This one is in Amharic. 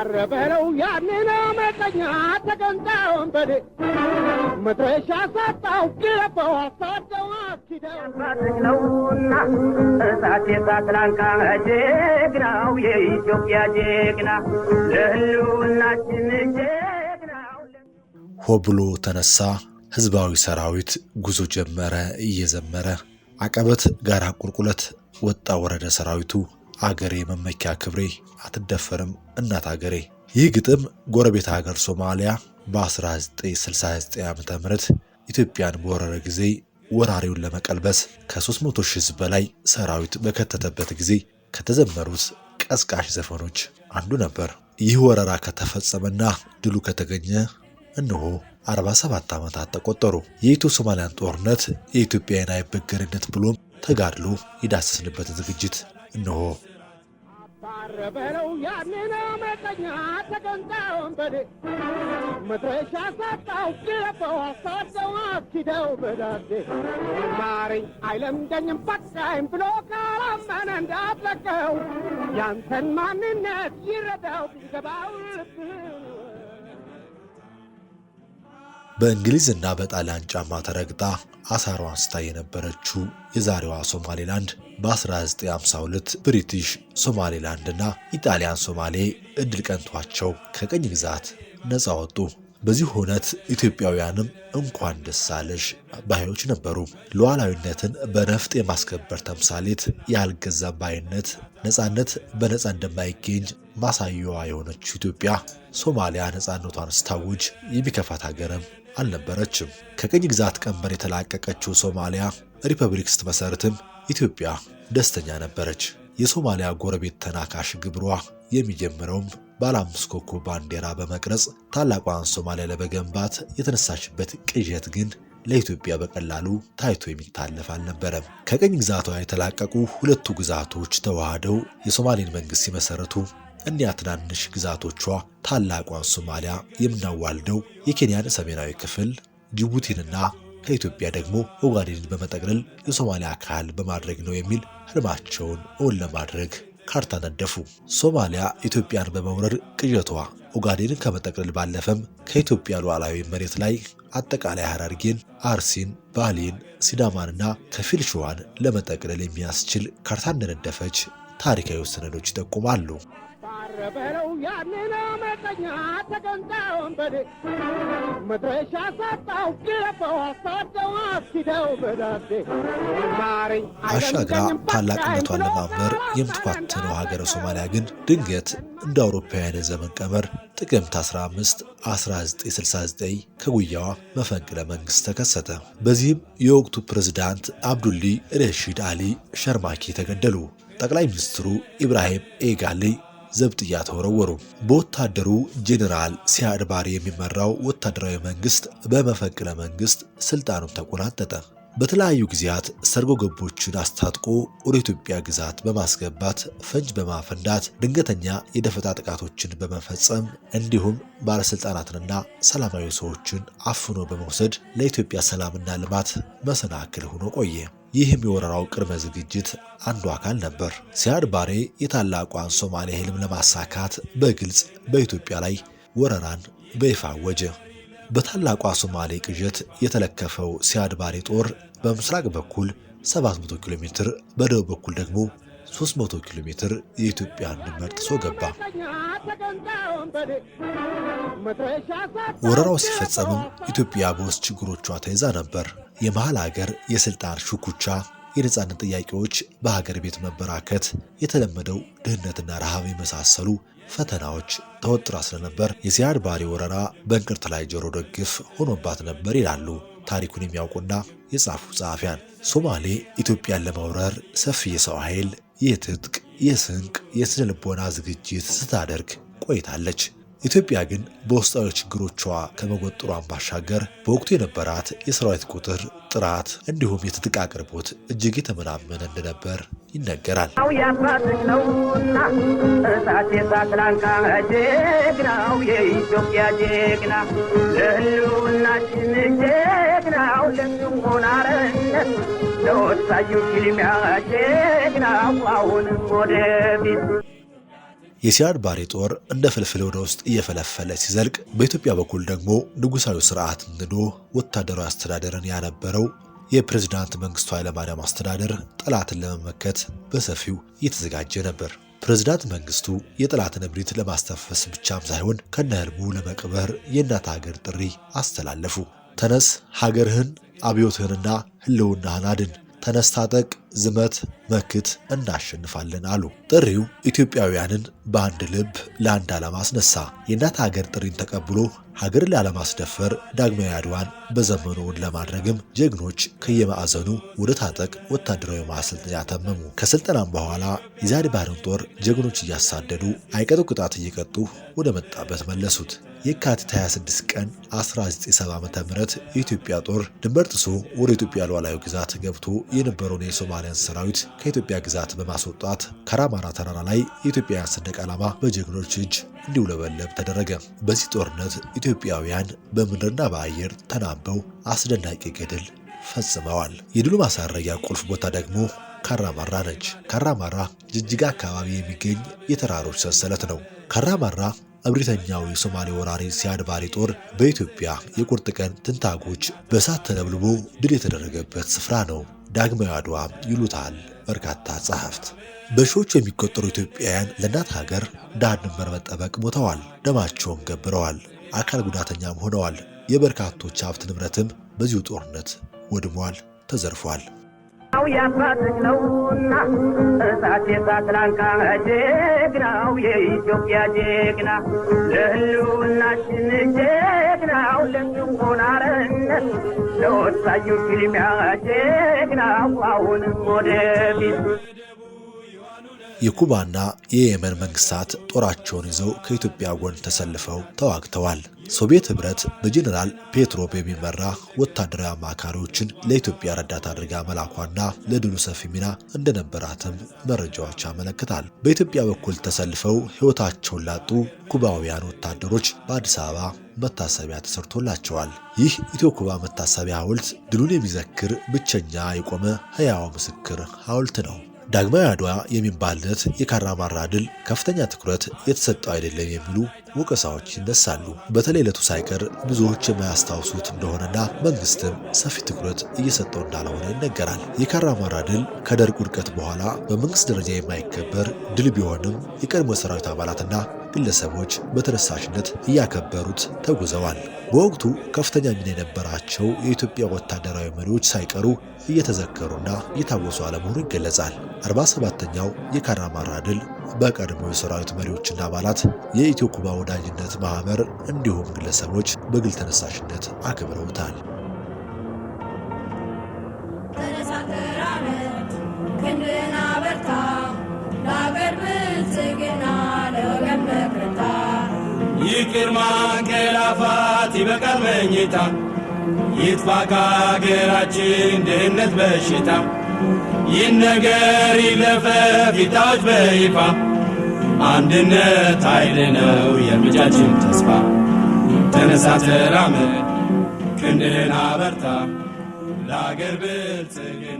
አረበለው ያንን መጠኛ ተቀምጣውን በዴ መድረሻ ሳጣው ግረበው አሳደው አኪደው እሳት የሳትላንካ ጀግናው የኢትዮጵያ ጀግና ለህልውናችን ጀግናው ሆ ብሎ ተነሳ። ህዝባዊ ሰራዊት ጉዞ ጀመረ እየዘመረ አቀበት ጋራ ቁልቁለት ወጣ ወረደ ሰራዊቱ አገሬ መመኪያ ክብሬ አትደፈርም እናት አገሬ። ይህ ግጥም ጎረቤት ሀገር ሶማሊያ በ1969 ዓ ም ኢትዮጵያን በወረረ ጊዜ ወራሪውን ለመቀልበስ ከ300 ሺህ በላይ ሰራዊት በከተተበት ጊዜ ከተዘመሩት ቀስቃሽ ዘፈኖች አንዱ ነበር። ይህ ወረራ ከተፈጸመና ድሉ ከተገኘ እነሆ 47 ዓመታት ተቆጠሩ። የኢትዮ ሶማሊያን ጦርነት፣ የኢትዮጵያን አይበገሬነት ብሎም ተጋድሎ የዳሰስንበትን ዝግጅት እነሆ ቀረበለው ያንን መቀኛ ተገንጣውን በዴ መድረሻ ሳጣው ግለበው አሳደው አኪደው በዳዴ ማረኝ አይለምደኝም በቃይም ብሎ ካላመነ እንዳትለቀው ያንተን ማንነት ይረዳው ገባው ልብህን በእንግሊዝና በጣሊያን ጫማ ተረግጣ አሳሯን ስታይ የነበረችው የዛሬዋ ሶማሌላንድ በ1952 ብሪቲሽ እና ኢጣሊያን ሶማሌ እድል ቀንቷቸው ከቅኝ ግዛት ነፃ ወጡ። በዚህ ሁነት ኢትዮጵያውያንም እንኳን ደስ አለሽ ባዮች ነበሩ። ሉዓላዊነትን በነፍጥ የማስከበር ተምሳሌት፣ ያልገዛ ባይነት፣ ነፃነት በነፃ እንደማይገኝ ማሳየዋ የሆነችው ኢትዮጵያ ሶማሊያ ነፃነቷን ስታውጅ የሚከፋት ሀገርም አልነበረችም። ከቅኝ ግዛት ቀንበር የተላቀቀችው ሶማሊያ ሪፐብሊክ ስትመሰርትም ኢትዮጵያ ደስተኛ ነበረች። የሶማሊያ ጎረቤት ተናካሽ ግብሯ የሚጀምረውም ባለአምስት አምስት ኮከብ ባንዲራ በመቅረጽ ታላቋን ሶማሊያ ለመገንባት የተነሳችበት ቅዠት ግን ለኢትዮጵያ በቀላሉ ታይቶ የሚታለፍ አልነበረም። ከቅኝ ግዛቷ የተላቀቁ ሁለቱ ግዛቶች ተዋህደው የሶማሌን መንግስት ሲመሰረቱ እኒያ ትናንሽ ግዛቶቿ ታላቋን ሶማሊያ የምናዋልደው የኬንያን ሰሜናዊ ክፍል ጅቡቲንና ከኢትዮጵያ ደግሞ ኦጋዴንን በመጠቅለል የሶማሊያ አካል በማድረግ ነው የሚል ህልማቸውን እውን ለማድረግ ካርታ ነደፉ። ሶማሊያ ኢትዮጵያን በመውረር ቅዠቷ ኦጋዴንን ከመጠቅለል ባለፈም ከኢትዮጵያ ሉዓላዊ መሬት ላይ አጠቃላይ ሐራርጌን፣ አርሲን፣ ባሌን፣ ሲዳማንና ከፊል ሸዋን ለመጠቅለል የሚያስችል ካርታ እንደነደፈች ታሪካዊ ሰነዶች ይጠቁማሉ። በለው ያንን አመፀኛ መድረሻ ሳጣው አሳደው አሻግራ ታላቅነቷን ለማንበር የምትኳትነው ሀገረ ሶማሊያ ግን ድንገት እንደ አውሮፓውያን ዘመን ቀመር ጥቅምት 15 1969 ከጉያዋ መፈንቅለ መንግስት ተከሰተ። በዚህም የወቅቱ ፕሬዝዳንት አብዱሊ ረሺድ አሊ ሸርማኪ ተገደሉ። ጠቅላይ ሚኒስትሩ ኢብራሂም ኤጋሊ ዘብጥያ ተወረወሩ። በወታደሩ ጄኔራል ሲያድባሪ የሚመራው ወታደራዊ መንግስት በመፈንቅለ መንግስት ስልጣኑን ተቆናጠጠ። በተለያዩ ጊዜያት ሰርጎ ገቦችን አስታጥቆ ወደ ኢትዮጵያ ግዛት በማስገባት ፈንጅ በማፈንዳት ድንገተኛ የደፈጣ ጥቃቶችን በመፈጸም እንዲሁም ባለሥልጣናትንና ሰላማዊ ሰዎችን አፍኖ በመውሰድ ለኢትዮጵያ ሰላምና ልማት መሰናክል ሆኖ ቆየ። ይህም የወረራው ቅድመ ዝግጅት አንዱ አካል ነበር። ሲያድ ባሬ የታላቋን ሶማሌ ህልም ለማሳካት በግልጽ በኢትዮጵያ ላይ ወረራን በይፋ አወጀ። በታላቋ ሶማሌ ቅዠት የተለከፈው ሲያድ ባሬ ጦር በምስራቅ በኩል 700 ኪሎ ሜትር፣ በደቡብ በኩል ደግሞ 300 ኪሎ ሜትር የኢትዮጵያን ድንበር ጥሶ ገባ። ወረራው ሲፈጸምም ኢትዮጵያ በውስጥ ችግሮቿ ተይዛ ነበር። የመሀል ሀገር የስልጣን ሽኩቻ፣ የነፃነት ጥያቄዎች በሀገር ቤት መበራከት፣ የተለመደው ድህነትና ረሃብ የመሳሰሉ ፈተናዎች ተወጥራ ስለነበር የዚያድ ባሬ ወረራ በእንቅርት ላይ ጆሮ ደግፍ ሆኖባት ነበር ይላሉ ታሪኩን የሚያውቁና የጻፉ ጸሐፊያን። ሶማሌ ኢትዮጵያን ለመውረር ሰፊ የሰው ኃይል የትጥቅ የስንቅ የስነልቦና ዝግጅት ስታደርግ ቆይታለች። ኢትዮጵያ ግን በውስጣዊ ችግሮቿ ከመጎጠሯን ባሻገር በወቅቱ የነበራት የሰራዊት ቁጥር ጥራት፣ እንዲሁም የትጥቅ አቅርቦት እጅግ የተመናመነ እንደነበር ይነገራል። የኢትዮጵያ ለወሳዩ ፊልሚያ ወደፊት የሲያድ ባሬ ጦር እንደ ፍልፍል ወደ ውስጥ እየፈለፈለ ሲዘልቅ በኢትዮጵያ በኩል ደግሞ ንጉሳዊ ስርዓት ንዶ ወታደራዊ አስተዳደርን ያነበረው የፕሬዝዳንት መንግስቱ ኃይለማርያም አስተዳደር ጠላትን ለመመከት በሰፊው እየተዘጋጀ ነበር። ፕሬዝዳንት መንግስቱ የጠላትን እብሪት ለማስተፈስ ብቻም ሳይሆን ከነህልሙ ለመቅበር የእናት ሀገር ጥሪ አስተላለፉ። ተነስ ሀገርህን አብዮትህንና ህልውናህን አድን። ተነስታጠቅ ዝመት መክት እናሸንፋለን አሉ። ጥሪው ኢትዮጵያውያንን በአንድ ልብ ለአንድ ዓላማ አስነሳ። የእናት ሀገር ጥሪን ተቀብሎ ሀገርን ላለማስደፈር ዳግማዊ አድዋን በዘመኑውን ለማድረግም ጀግኖች ከየማዕዘኑ ወደ ታጠቅ ወታደራዊ ማሰልጠኛ ተመሙ። ከስልጠናም በኋላ የዛድ ባህርን ጦር ጀግኖች እያሳደዱ አይቀጡ ቅጣት እየቀጡ ወደ መጣበት መለሱት። የካቲት 26 ቀን 1970 ም የኢትዮጵያ ጦር ድንበር ጥሶ ወደ ኢትዮጵያ ሉዓላዊ ግዛት ገብቶ የነበረውን የሶማ የጣሊያን ሰራዊት ከኢትዮጵያ ግዛት በማስወጣት ከራማራ ተራራ ላይ የኢትዮጵያውያን ሰንደቅ ዓላማ በጀግኖች እጅ እንዲውለበለብ ተደረገ። በዚህ ጦርነት ኢትዮጵያውያን በምድርና በአየር ተናበው አስደናቂ ገድል ፈጽመዋል። የድሉ ማሳረጊያ ቁልፍ ቦታ ደግሞ ካራማራ ነች። ካራማራ ጅጅጋ አካባቢ የሚገኝ የተራሮች ሰንሰለት ነው። ካራማራ እብሪተኛው የሶማሌ ወራሪ ሲያድ ባሬ ጦር በኢትዮጵያ የቁርጥ ቀን ትንታጎች በእሳት ተለብልቦ ድል የተደረገበት ስፍራ ነው። ዳግማዊ አድዋ ይሉታል በርካታ ጸሐፍት። በሺዎች የሚቆጠሩ ኢትዮጵያውያን ለእናት ሀገር ዳድንበር መጠበቅ ሞተዋል፣ ደማቸውን ገብረዋል፣ አካል ጉዳተኛም ሆነዋል። የበርካቶች ሀብት ንብረትም በዚሁ ጦርነት ወድሟል፣ ተዘርፏል። የአባቶች ነውና እሳት ላንካ ጀግናው የኢትዮጵያ ጀግና ለህልውናችን ጀግናው ለወ አሳዩ ቅድሚያ ጀግናዋውንም ወደፊት የኩባና የየመን መንግስታት ጦራቸውን ይዘው ከኢትዮጵያ ጎን ተሰልፈው ተዋግተዋል። ሶቪየት ህብረት በጀኔራል ፔትሮቭ የሚመራ ወታደራዊ አማካሪዎችን ለኢትዮጵያ ረዳት አድርጋ መላኳና ለድሉ ሰፊ ሚና እንደነበራትም መረጃዎች ያመለክታል። በኢትዮጵያ በኩል ተሰልፈው ህይወታቸውን ላጡ ኩባውያን ወታደሮች በአዲስ አበባ መታሰቢያ ተሰርቶላቸዋል። ይህ ኢትዮ ኩባ መታሰቢያ ሐውልት ድሉን የሚዘክር ብቸኛ የቆመ ህያው ምስክር ሐውልት ነው። ዳግማዊ አድዋ የሚባልለት የካራማራ ድል ከፍተኛ ትኩረት የተሰጠው አይደለም የሚሉ ወቀሳዎች ይነሳሉ። በተለይ ዕለቱ ሳይቀር ብዙዎች የማያስታውሱት እንደሆነና መንግስትም ሰፊ ትኩረት እየሰጠው እንዳልሆነ ይነገራል። የካራማራ ድል ከደርግ ውድቀት በኋላ በመንግስት ደረጃ የማይከበር ድል ቢሆንም የቀድሞ ሰራዊት አባላትና ግለሰቦች በተነሳሽነት እያከበሩት ተጉዘዋል። በወቅቱ ከፍተኛ ሚና የነበራቸው የኢትዮጵያ ወታደራዊ መሪዎች ሳይቀሩ እየተዘከሩና እየታወሱ አለመሆኑ ይገለጻል። 47ኛው የካራማራ ድል በቀድሞ የሰራዊት መሪዎችና አባላት የኢትዮ ኩባ ወዳጅነት ማህበር እንዲሁም ግለሰቦች በግል ተነሳሽነት አክብረውታል። ፍቅር ማንቀላፋት ይበቃል መኝታ ይጥፋ ከአገራችን ድህነት በሽታ ይህ ነገር ይለፈ ይታወጅ በይፋ አንድነት ኃይል ነው የእርምጃችን ተስፋ ተነሳ ተራመድ ክንድህን አበርታ ለአገር ብልጽግና